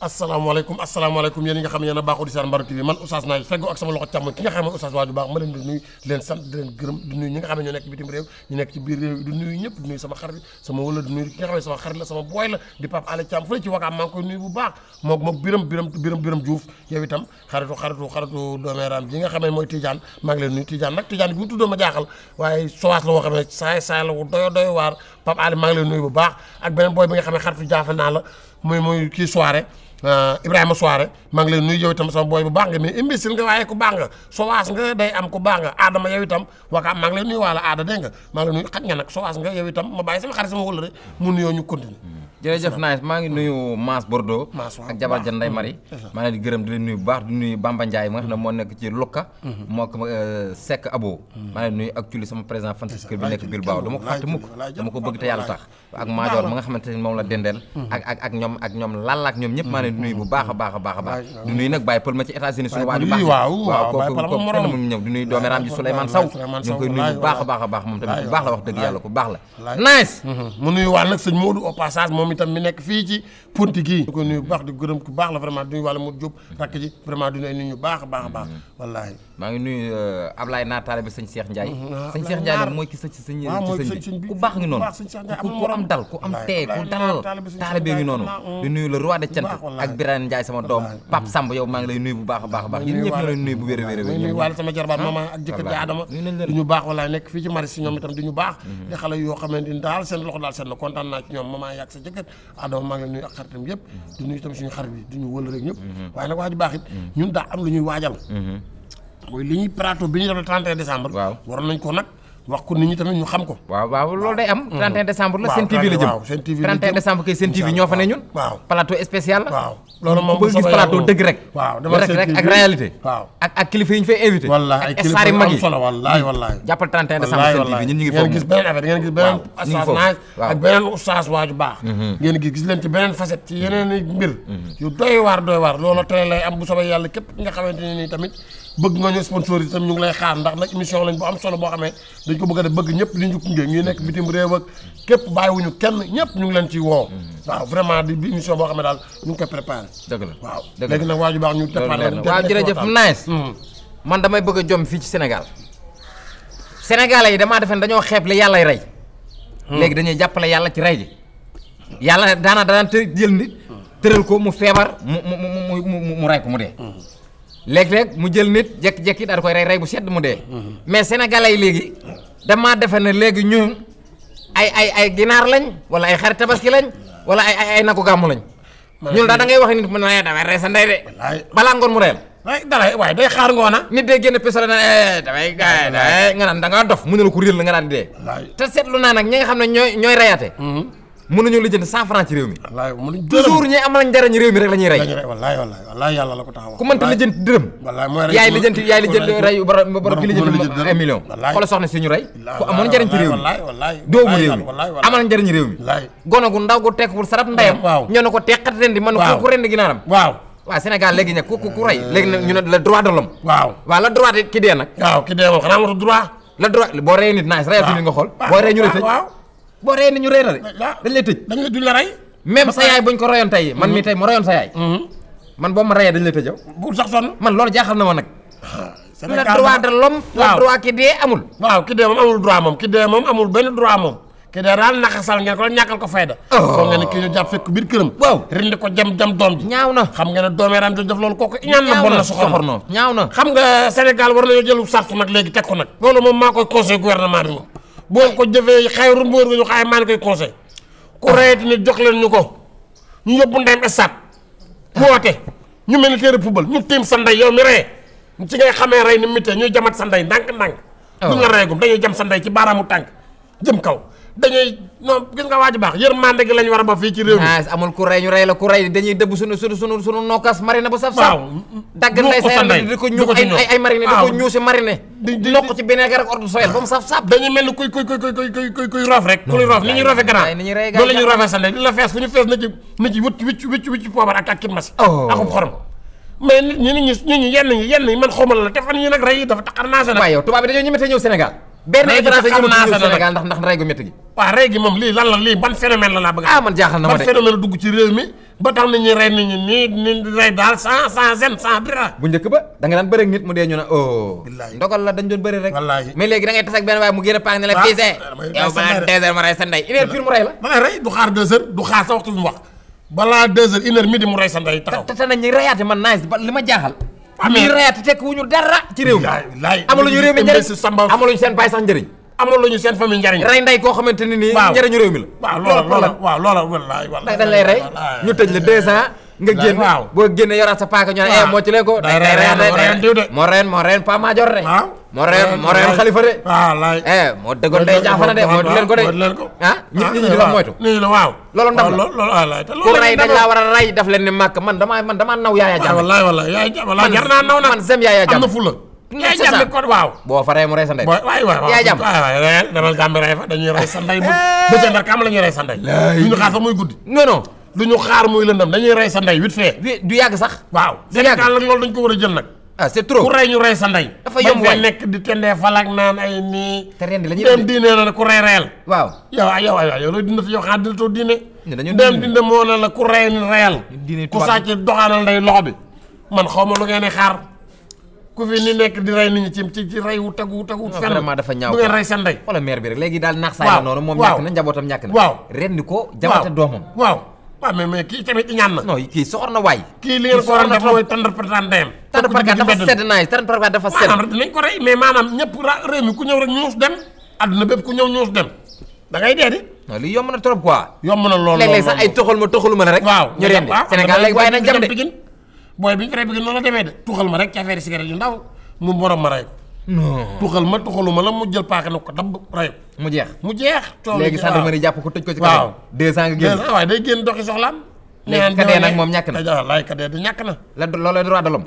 asalaamaaleykum asalaamaaleykum yéen ñi nga xam ne yéen a baaxoo di seen Mbarou TV man Oustaz Naye feggo ak sama loxo càmmoñ ki nga xam ñëpp di sama xarit sama wala di nuyu ki nga xam ne sama xarit la sama booy la di biram biram biram biram Diouf itam xaritu xaritu xaritu doomeeraam bi nga xam ne mooy Tidiane maa ngi leen nuyu Tidiane nag Tidiane bi mu tuddoo ma jaaxal waaye sowaas la woo xam ne saay saay la wu doyo doyo waar Pape Alé maa ngi leen nuyu bu baax ak beneen booy bi nga xam ne xaritu jaafe naa la muy muy kii soirée Euh, Ibrahima Soare maa ngi leen nuy yow itam sama booy bu baax nga mais imbécile nga waaye ku baax nga sowaas nga day am ku baax nga aadama yow itam wakaam maa ngi lay nuyu waala aada dégg nga maa ngi lay xaj nga nag sowaas nga yow itam ma bàyyi sama xarit sama wëllëre mu nuyoo ñu continuer jërëjëf Nice maa ngi nuyu Mass Bordeaux ak jabar ja Ndeye Marie mm, maa di gërëm di leen bu baax di nuyu baax a baax a a baax di nuyu ma ci États-Unis suñu waaju baax waaw kooku kenn mu ñëw di nuyu dooméram ji Souleymane Sow bu baax a baax baax moom tamit bu baax la wax dëgg yàlla ku baax la Nice mm-hmm. mu nuyu waa nag sëñ Modou au passage moom itam mi nekk fii ci punti gii ñu ko nuyu bu baax di gërëm ku baax la vraiment duñu wàlla mu jub rakk ji vraiment duñu ay baax a baax a baax mm-hmm. wallaahi euh, mm-hmm. ah, ah, baax ku dal ku ah, ngi noonu di nuyu le roi de Thiant mm-hmm. ak Birane Ndiaye sama doom Pape Samb yow maa ngi lay nuyu bu baax a baax a baax yéen lay nuyu bu wér a wér nuyu wàlla sama jarbaat maman ak jëkkër ji Adama du baax wallaahi nekk fii ci mari si ñoom itam baax di xale yoo xamante ni daal seen loxo daal seen la seet Adama ah, maa ngi lay nuyu ak xaritam yëpp mm-hmm. du nuyu tamit suñu xarit yi du ñu wël rek ñëpp mm-hmm. waaye nag wax ju baax mm-hmm. ñun daa am lu ñuy waajal mooy li ñuy plateau bi ñu def le 31 décembre waaw waroon nañ ko nag wax ko nit ñi tamit ñu xam ko. waaw waaw loolu day am. 31 décembre la seen TV la jëm waaw seen TV la jëm 31 décembre kay seen TV ñoo fa ne ñun. waaw plateau la. waaw loolu moom gis plateau dëgg rek. waaw dama rek rek ak réalité. waaw ak ak kilifa yi am solo wallaay wallaay. TV ñu ngi foofu. ngeen gis beneen affaire ngeen gis beneen. waaw mm-hmm. ci beneen facette mbir. Mm-hmm. yu doy waar doy waar loolu tey lay am bu soobee yàlla képp nga xamante nii tamit bëgg nga ñu sponsor yi tam ñu ngi lay xaar ndax nag émission lañ bu am solo boo xamee dañ ko bëgg a def bëgg ñëpp di ñu gunge ñuy nekk bitim réew ak képp bàyyiwuñu kenn ñëpp ñu ngi leen ciy woo waaw vraiment di bi émission boo xam ne daal ñu ngi koy préparé dëgg la waaw léegi nag waaju baax ñu préparé waaw jërëjëf nice hmm. man damay bëgg a jom fii ci Sénégal Sénégalais yi damaa defe ne dañoo xeeb li yàllay rey hmm. léegi dañuy jàppale yàlla ci rey ji yàlla daanaa danaan jël nit tëral ko mu feebar mu mu mu mu mu mu dee hmm. léeg-léeg mu jël nit jékki-jékki daal koy rey rey bu sedd mu dee. Mhm. mais sénégalais yi léegi damaa defe ne léegi ñun ay ay ay ginaar lañ wala ay xarit tabaski lañ wala ay ay ay naku gàmmu lañ. ñun daal da ngay wax nit mu ne la damay rey sa ndey de. balaa ngoon mu reyal. waay dalay waaye day xaar ngoona ah. nit day génn pistolet na eh, damay nga naan da ngaa dof mu ne la ko réel la nga naan de te seetlu naa nag ñi nga xam ne ñooy ñooy reyaate. Mhm. mënuñu lijjanti cent franc ci réew mi. wallaay mënuñ toujours ñi amal njariñ réew mi rek la ñuy rey. wallaay wallaay wallaay yàlla ko taxawal. ku mënta lijjanti dërëm. wallaay mooy rey yaay lijjanti yaay lijjanti rey borom ki lijjanti ay million. wallaay xoolal soxna si ñu rey. ku amoon njariñ ci réew mi doomu réew mi amal njariñ réew mi. wallaay gone gu ndaw gu tekkul sarap ndeyam. waaw ñoo ne ko teqat la droit ki dee nag waaw ki dee moom xanaa amatu la droit boo nit nga xool boo rey nañu rey na de. dañ dañ lay duñ la rey. même sa yaay buñ ko reyoon tey man mii mhm. tey mu reyoon sa yaay. Mhm. man boo ma reyee dañ lay tëjaw. bu sax sonn man loolu jaaxal na ma nag. Ah, la droit de l'homme la droit ki dee amul. waaw moom moom amul benn droit moom. ki dee daal naxasal ngeen ko ñàkkal ko fayda. Oh. foog ngeen ne kii ñu jàpp fekk biir këram. waaw rindi ko jam jam doom ji. na xam nga ne doomeeraam di def loolu kooku. ñaaw na bon na soxor noonu ñaaw na. xam nga Sénégal war nañoo jël sartu nag léegi teg ko nag. loolu maa koy conseil gouvernement bi moom boo ko jëfee xayru mbóor nga ñu xaay maa koy conseil ku ah. rayati ne jox leen ñu ko ñu yóbbu ndem estat ah. woote ñu mel ni téere poubelle ñu tiim sa ndey yow mi reye ci ngay xamee rey ni mitee ñuy jamat sa ndey ndànk ah. ndànk duñ la reyegum dañuy jam sa ndey ci baaraamu tànk jëm kaw dañuy non gis nga waa ji baax yërmande gi lañ war a ba fii ci réew mi amul ku rey ñu ñu fees na ci na ci wut wicc wicc wicc poobar ak oh. nit ñi nit ñi yenn ñi man xawma la te fan yi nag rey dafa taqar naa yow tubaab bi dañoo ñemete ñëw Sénégal benn écrasé ñu mëna Sénégal ndax ndax rey gu métti gi waaw rey gi moom lan la ban phénomène la bëgg ah man jaaxal na ma ban phénomène dugg ci réew mi ba tax nit ñi rey nit ñi nii ni rey daal sans sans zem sans dara bu ba da nga nit mu ñu oh ndogal la dañ doon bëri rek mais léegi da ngay tas ak benn waay mu génn paak ne la fiisee yow ba deux heures ma rey sa ndey une heure mu rey la da ngay du xaar du xaar sa waxtu wax midi mu sa taxaw nañ ñi man nice ba jaaxal am yi reet tekk wu ñu dara ci réew mi amaluñu réew mi njëriñ amaluñu seen baay sax njëriñ amal lañu seen famille njariñ rey nday koo xamante ne nii njariñu réew mi la waaw loola waaw ñu tëj la deux ans nga génn boo génnee yoraat sa paaka ñu ne eh moo ci leen ko day reen diw de moo reen moo reen Pa moo reen de wallaahi eh moo dëggoon day jaafana de moo di leen ko de ah ñit ñi ah, ñu di wax moytu nii la waaw loolu ndam la ku war a rey daf leen ne màkk man dama man damaa naw yaaya jàmm wallaahi jar naa naw nag man sem yaaya jàmm am na fulla yaay jàmmi kon waaw. boo fa rey mu rey sa ndey. waay waay waaw yaay jàmm rey sa ndey. bëccëg ndar kam la ñuy rey sa ndey. du ñu xaar sax muy guddi. non non ñu xaar muy lëndam dañuy rey sa ndey huit fee. du yàgg sax. waaw Sénégal nag loolu dañ ko war a jël nag. ah c'est trop ku rey ñu rey sa ndey. dafa yomb waay nekk di tendee falak naan ay nii. te ren de la ñuy dem diine la ku rey reyal. waaw ah, ah, moo ne la ku rey reyal. ku sàcc doxaanal ndey loxo bi man xaw ma lu ngeen di xaar ku fi ni nekk di rey nit ñi ci ci rey wu tegu wu tegu. fenn vraiment dafa ñaaw du ngeen rey seen ndey. wala maire bi rek léegi daal naax saa yi noonu. moom ñàkk na njabootam ñàkk na. waaw rendi ko jabate doomam. waaw waaw mais mais kii tamit ñaan na. non kii soxor na waay. kii li ngeen ko waroon def mooy tendre président ndeyam. tendre président dafa sedd naay tendre président dafa sedd. maanaam dinañ ko rey mais maanaam ñëpp réew mi ku ñëw rek ñuus dem. àdduna bépp ku ñëw ñuus dem da ngay dee de. non lii yomb na trop quoi. yomb na lool lool léeg-léeg sax ay toxal ma toxalu ma la rek. waaw ñu rendi ah, Sénégal léegi waaye nañ jam de boy bi frère bëgg loolu la demee de tuxal ma rek ci affaire cigarette yu ndaw mu morom ma ray ko. non tuxal ma tuxaluma la mu jël paaka na ko dabb rey ko. mu jeex mu jeex. sa dama ni japp ko tëj ko ci. kaw 200 nga gën deux way day gën doxi soxlaam. ka dé nak mom ñak na ka dé du ñak na. la loolu droit de l'homme.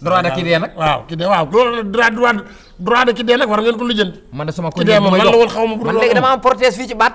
droit de ki dé nak waaw ki dé waaw loolu droit droit droit de ki dé nak war ngeen ko jënd man sama ko man la wol xawma ma. man légui dama am protège fi ci bat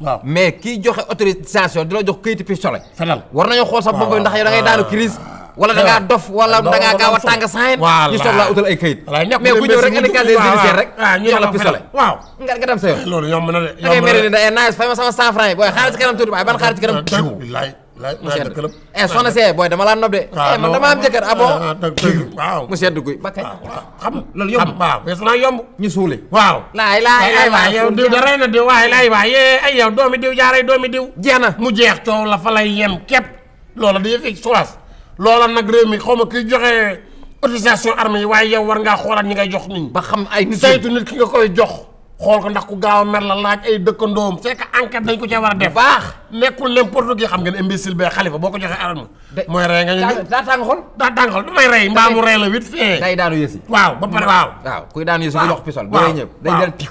waaw mais kii joxe autorisation di la jox kayitu pistolet. fenal war nañoo xool sax boobu ndax yow da ngay daanu crise wala da ngaa dof wala da ngaa gaaw a tàng saxeen. voilà ñu soog laa utal ay kayit. mais ku ñëw rek indi casier judiciaire rek. ñu jox la pistolet waaw. nga nga dem sa yoon. Eh, loolu yomb na de yomb na de da ngay mel ni da ngay naan fay ma sama 100 francs yi booy xaaral ci kanam tuuti waaye ban xaaral ci kanam. mu sedd eh soxna see booy dama laa nob de. waaw ah, eh, man dama am jëkkër ah bon. Ah, waaw mu sedd guy ba kañ. Ah, xam loolu yomb waaw wees naa yomb. ñu suule waaw. laay laay ay waay yow diw da rey na diw waay laay waay yee eh, ay yow doomi diw jaaray doomi diw. jeex na mu jeex coow la fa lay yem képp. loola dañuy fi soas loola nag réew mi xaw ma kiy joxe autorisation armée waaye yow war ngaa xoolaat ñi ngay jox nit ba xam ay nit saytu nit ki nga koy jox. xool ko ndax ku gaaw a mer la laaj ay dëkkandoom fekk enquête dañ ko cee war a def. baax nekkul n'importe qui xam ngeen imbécile bee xalifa boo ko joxee alal ma. mooy rey nga ñu. daa tàng xol daa tàng xol damay rey mbaamu rey la huit fee. day daanu yësi. waaw ba pare waaw. waaw kuy daanu yësi bu jox pisol. waaw waaw ñëw day jël tiw.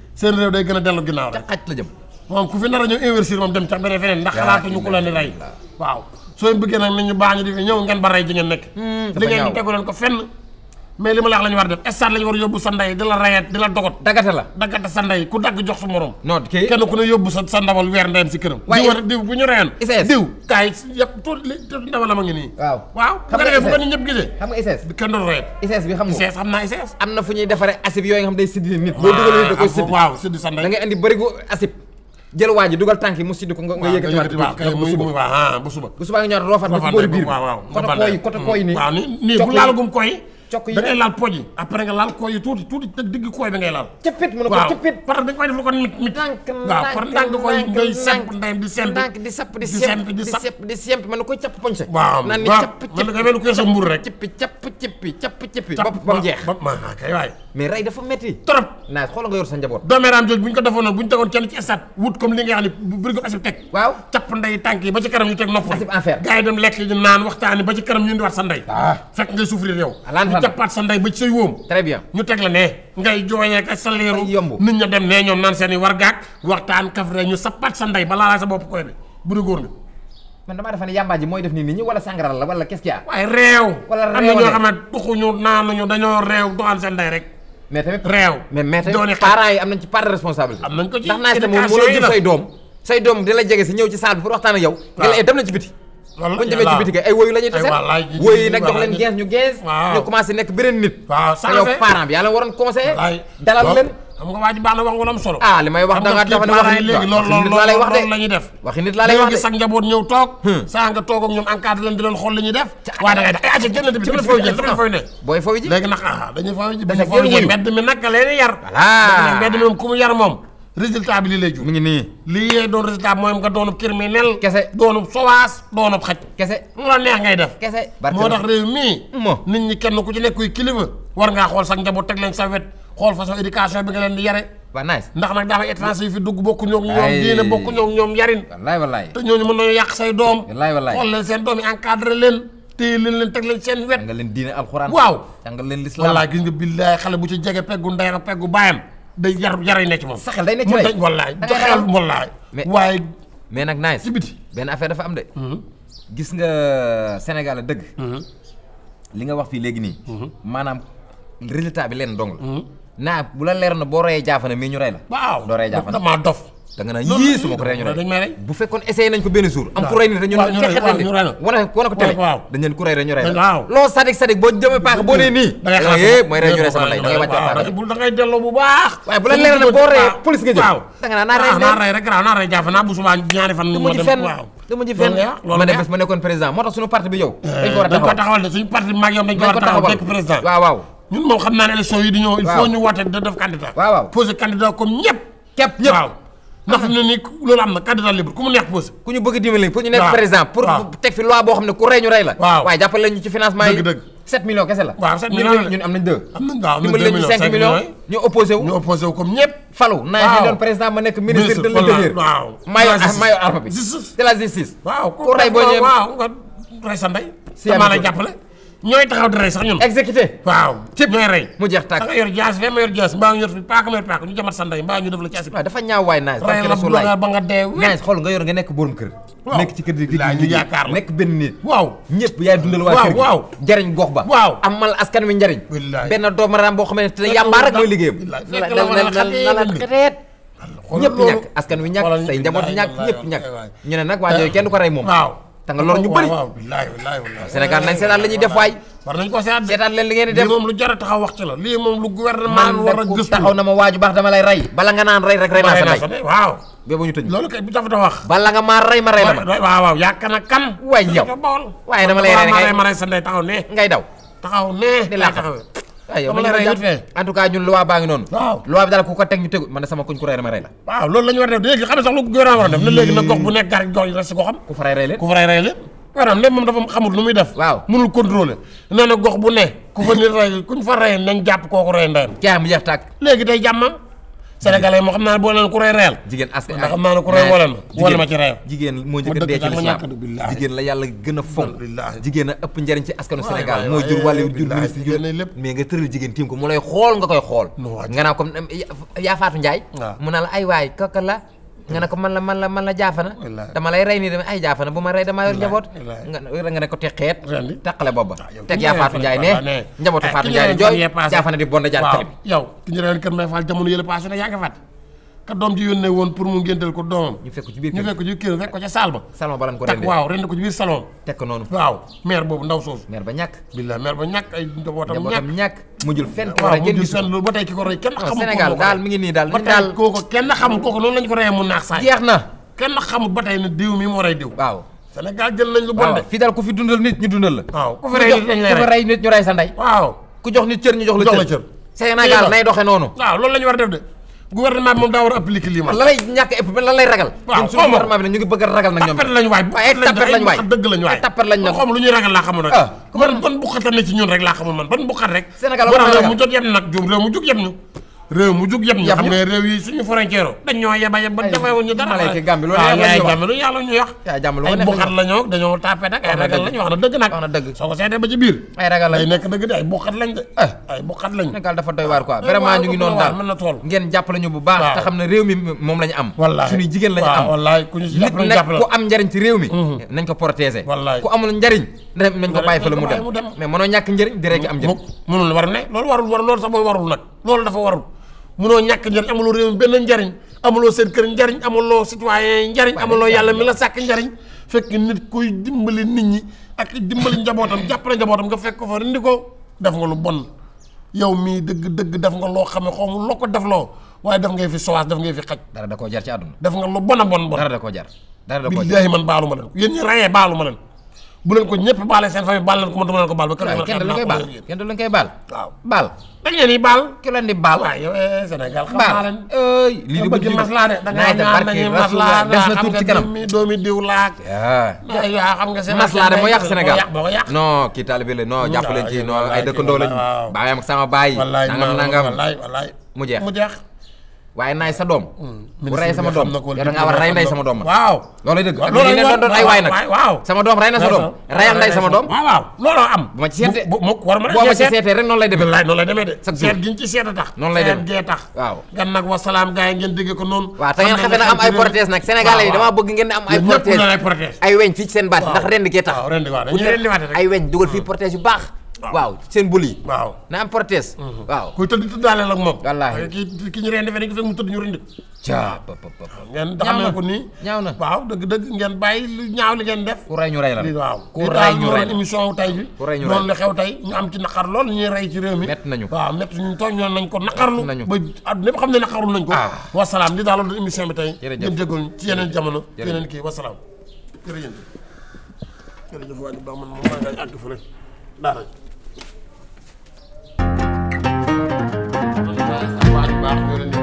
seen réew day gën a dellu ginnaaw rek. ca xaj la jëm. moom ku fi nar a ñëw investir moom dem ca beneen feneen ndax xalaatuñu ku leen di rey waaw soo bëggee nag nañu baax ñu di fi ñëw ngeen ba rey ji ngeen nekk. Hmm. li ngeen tegu leen ko fenn mais lima ma la wax la war def stade la war yobbu sa ndey di rayet dila dogot dagata la dagata sa ndey ku dag jox su morom non ke kenn ku ne yobbu sa sandawal wer ndem ci kërëm di war diw bu ñu reyoon diw kaay yëpp tout ndawal ma ngi ni waaw waaw bu ko defee bu ko nit gisee xam nga bi kenn do rayet ICS bi xam nga ICS xam naa ICS am na fu ñuy defaree asib yooyu nga xam day sidi nit bo dugal nit da koy siddi waaw sidi sa ndey da ngay andi bari go asib jël waa dugal tanki mu sidi ko nga yëkkati waat bu suba waaw ah, bu suba bu suba nga ñor roofat ba ci boori biir waaw waaw ko ko ko ni nii waaw nii bu laalagum koy cokk yi da ngay laal pooj yi après nga laal kooy tuuti tuuti nag digg kooy bi ngay laal cëppit mu ne koy def lu ko koy ngay semp ndayem di semp ndànk di sapp di mais ray dafa metti torop na xol nga yor sa njabot do meram jog buñ ko defoon bu ñu tegoon kenn ci estat wut comme li nga xali ne ko asib tek waw capp nday tanki ba ci karam ñu tek nopp asib affaire gaay dem lek yi naan waxtani ba ci karam ñu wat sa nday ah. fek ngay souffrir yow ñu jàppaat sa nday ba ci sey wóom très bien ñu tek la ne ngay joyé ka sa yomb nit ñu dem né ñom naan seen i wargaak waxtaan kafre ñu pat sa nday ba la sa bop koy ne bu dee góor nga man dama defa ne ji moy def ni nit ñi wala sàngara la wala qu'est-ce qu'il y a wala rew am na xamant xam ñu duxuñu ñu dañoo réew doxaan sen ndey rek mais tamit réew. mais mais tamit parents yi am nañ ci part de responsabilité. am nañ ko ci éducation yi ndax naa si say doom. say doom di la jege si ñëw ci salle bi pour waxtaan ak yow. waaw ngelaw eh, dem ci biti. wala ñu demee ci biti kay ay woyu la ñuy tase. woyu yi nag jox leen 15 ñu 15. ñu commencé nekk beneen nit. waaw te parent bi yaa la waroon conseiller. dalal leen xam nga waji baax wax wala solo ah limay wax da nga dafa wax léegi lool lool lool lay wax de lañuy def waxi nit la lay wax de sax njaboot ñew tok hmm. sa nga tok ak ñom encadre leen di leen xol lañuy def wa da ngay def ay ci jël bi ci foy jël sama ne boy foy ji légui nak ah dañuy foy ji dañuy foy ji mbedd mi nak leen yar wala mbedd mi ku yar mom résultat bi li lay jur mi ngi ni li yé doon résultat moy nga doonub criminel kessé doonub sowas doonub xaj kessé lu neex ngay def kessé motax rew mi nit ñi kenn ku ci nekkuy kilifa war nga xol sax njaboot tek leen sa xol façon éducation bi nga leen di yaré ba nice ndax nak dafa étranger yi fi dugg bokku ñok ñom diine bokku ñok ñom yarin wallahi wallahi te ñoo ñu nañu yaq say doom wallahi wallahi xol leen seen doom yi encadrer leen téye leen leen teg leen seen wet nga leen diine alcorane waaw nga leen l'islam wallahi gis nga billahi xalé bu ci jégué peggu nday ra peggu bayam day yar yaray ne ci moom saxel day ne ci lay wallaay saxel wallahi waye mais nak nice ci ben affaire dafa am de mhm. gis nga Sénégal dëgg mhm. li nga wax fii léegi nii manam mhm résultat bi len dong hmm? na bu la leer na boo reyee jaafana mi ñu rey la. waaw doo rey jaafana damaa dof. da nga na yi su ma ko rey ñu rey bu fekkoon essay nañ ko ben jour. am ku rey nit ñu teqetal nit wane wane ko tele dañ leen ku rey rek ñu rey la sadik sadik bo jëme paaka bo ne ni da ngay mooy rey ñu rey sama lay da ngay wacc paaka bu da ngay delo bu baax way bu la leer na bo roy police nga jëm da nga na naa rey ah, naa rey rek na naa rey jaafana bu suma ñaari fan mo dem waaw dama ji fenn ma ne bés ma nekkoon président motax suñu parti bi yow eh, dañ ko wara taxawal dañ ko taxawal suñu parti mag yow dañ ko wara taxawal nek président waaw waaw ñun moom xam naa ne élection ñu woote da waaw waaw posé candidat comme ñëpp. képp ñëpp ndax fi mu loolu am na candidat libre ku mu neex posé. ku ñu bëgg dimbali pour ñu nekk président. pour teg fi loi boo xam ne ku rey ñu rey la. waaye jàppale ñu ci financement yi. dëgg dëgg 7 millions kese la. waaw 7 millions ñu opposé ñu opposé comme ñëpp. falu naa ñu doon président ma nekk ministre de l'intérieur. waaw mayo ah, mayo arpa bi. justice de la justice. waaw ku rey boo ñëwee waaw rey sa ñoy taxaw dara sax ñun. exécuter waaw. cëpp ñoy ray mu jeex tak da yor jass fe ma yor jaas mbaa yor fi pak ma pak ñu jamat sa ndey mbaa ñu def la ci asib. dafa ñaaw way nice rey la sulay ba nga dee. nice xol nga yor nga nek borom kër. nek ci kër gi di yaakaar la nekk benn nit. waaw ñepp yaay dundal wa kër waaw jariñ gox ba. waaw amal askan wi njariñ. ben benn doomu raam boo xam ne te yàmbaa rek moy liggéeyam. ñepp ñak askan wi ñak say njaboot ñak ñepp ñak ñu ne nak wa joy kenn du ko ray mom waaw te nga lor ñu bëri waaw bilaay bilaay Sénégal nañ seetaan la ñuy def waay war nañ ko seetaan seetaan leen li ngeen di def moom lu jar a taxaw wax ci la lii moom lu gouvernement war a gëstu taxaw na ma waaju baax dama lay rey bala nga naan rey rek rey naa sa ndey waaw bé ñu tëj bu dafa wax bala nga maa rey ma rey la ma waaw waaw yaakaar na kan waay yow waaye dama lay rey ma rey sa ndey taxaw ne ngay daw taxaw ne di laa taxawee Ah, dama la rey fee en ñun loi baa ngi noonu waaw loi bi daal ku ko teg ñu tegu man sama kuñ ko rey dama rey la waaw loolu la war a def léegi xam ne sax lu gouvernement war a def na léegi na gox bu nekk gar gox yi rek si ko xam ku fa rey rey leen ku fa rey rey leen ku fa rey nañ jàpp kooku rey ndeyam jaam jeex tàkk léegi day jàmmam sénégalais moo xam naa ne boo leen ku rey reyal jigéen askan ndax xam naa ne ku rey wala ma wala ma ci reyal jigéen moo njëkk a dee ci lislaam jigéen la yàlla gën a fonk jigéen a ëpp njariñ ci askanu sénégal mooy jur wàllu jur ministre jur mais nga tëral jigéen tiim ko mu lay xool nga koy xool nga naa comme eh, yaa njaay mu naa la ay waay kaka la nga ne ko man la man la man la jaafana dama lay rey nii dama ay jaafana bu ma rey dama yor njaboot nga ne ko teqeet taqale booba ah, teg yaa ah, Fatou Ndiaye ne njabootu Fatou Ndiaye jooy jaafana di bonda jaar tali bi yow ki ñu reyoon kër Mbaye yële passé na yaa nga fàtt ka doom ji yónnee woon pour mu ngénteel ko doomam. ñu fekk ci biir ñu fekk ci kër fekk ko ca saal ba. salon ba lañ ko rendee waaw rend ko ci biir salon. teg noonu waaw maire boobu ndaw soosu. maire ba ñàkk. bilaa maire ba ñàkk ay njabootam ñàkk njabootam ñàkk. mujjul fenn waaw ba tey ki ko rey kenn ah, xamul. ba tey kooku kenn xamul mu naax saa diw waaw Sénégal jël nañ lu bon de fii daal ku fi dundal nit ñu dundal la waaw ku fi rey nit ñu rey sa ndey waaw ku jox nit cër ñu jox la cër Sénégal nay doxe noonu gouvernement bi moom daa war a lii ma. lan lay ñàkk a lan lay ragal. waaw xaw gouvernement bi ñu ngi bëgg ragal nag ñoom tapet lañ waaye tapet lañ nag. xaw lu ñuy ragal laa xamul rek. man ah, ban buqatan la ci ñun rek laa xamul man ban buqat rek. Sénégal war a ragal mu jot yem nag jum réew mu jug yem ñu réew mu jug yeb ñu xam nga réew yi suñu frontière dañ ñoo yeba yeb ba demee wuñu dara la ci gambi loolu yaay gambi lu yàlla ñu wax yaay gambi lu ay buxat la ñoo dañoo tapé nak ay ragal lañ wax na deug nak wax na dëgg ba ci biir ay ragal lañ nek deug de ay buxat lañ de eh. ay buxat lañ Sénégal dafa doy war quoi vraiment ñu ngi non dal mën na ngeen japp lañu bu baax ta xamna réew mi mom lañ am suñu jigen jigéen lañ am wallahi ku ñu jàppale japp ku am njariñ ci réew mi mm-hmm. nañ ko protéger ku amul njariñ nañ ko bàyyi fa la mu dem mais mëno ñak njariñ di rek am jëm mënul war ne lool warul war lool sa boy warul nak lool dafa warul mëno ñak ñor amuloo réew ben ndariñ njariñ seen kër njariñ amuloo citoyen njariñ amuloo yalla mi la sak ndariñ fekk nit kuy dimbali nit ñi ak dimbali njabotam japp na njabotam nga fekk ko fa rindi ko def nga lu bon yow mi deug deug def nga lo xamé xom lu ko def lo way def ngay fi sowaas def ngay fi xaj dara da ko jar ci aduna def nga lu bon bon dara da ko jar dara da ko jar billahi man baalu len yeen ñi rayé baalu len bu len ko ñepp balé seen fami balal ko mo do leen ko bal ba kenn da la koy bal kenn da la koy bal waaw bal dañ leen di baal ki leen di baal waaw yow eh, Sénégal xam lii di bëgg maslaa de da ngay ñaan nañu maslaa def xam nga seen maslaa de moo yàq Sénégal boo ko yàq non kii taalibe la non mm, jàpp leen ci non ay dëkkandoo lañu baayam ak sama baay nangam nangam mu jeex mu waaye naay sa doom. Hmm, bu rey sama doom yow da war a rey nday sama doom man. waaw loolay dëgg. waaw loolay doon doon ay waay nag. waaw sama doom ma ci lay demee. wallaay lay demee de. sa seet gi ñu ci a tax. noonu lay demee seet gee tax. waaw gan nag wa salaam yi ngeen déggee ko noonu. waaw te ngeen xamee nag am ay prothèse nag. Sénégalais yi damaa bëgg ngeen am ay prothèse. ay weñ fii seen baat ndax rend gee tax. waaw rend rend waate rek ay weñ dugal fii prothèse yu baax waaw seen bul yi. waaw na am prothèse. Mhm. waaw kuy tëdd tëddaale la ak moom. wallaahi ki ki ñu rendi feneen ki fekk mu tëdd ñu rendi ko. caa ba ba ba. ngeen taxamee ko nii. ñaaw na dëgg dëgg ngeen bàyyi lu ñaaw li ngeen def. ku rey ñu rey waaw. ku rey ñu tey bi. ku rey ñu xew tey am ci naqar lool ñuy mi. mett nañu waaw mett ñu tooñ ñoon nañ ko naqarlu. nañu ba xam ne naqarlu nañ ko. Ah. wasalaam li daaloon bi tey. jërëjëf ngeen déggoon ci yeneen jamono. jërëjëf yeneen kii wasalaam. jërëjëf jërëjëf waay ba baax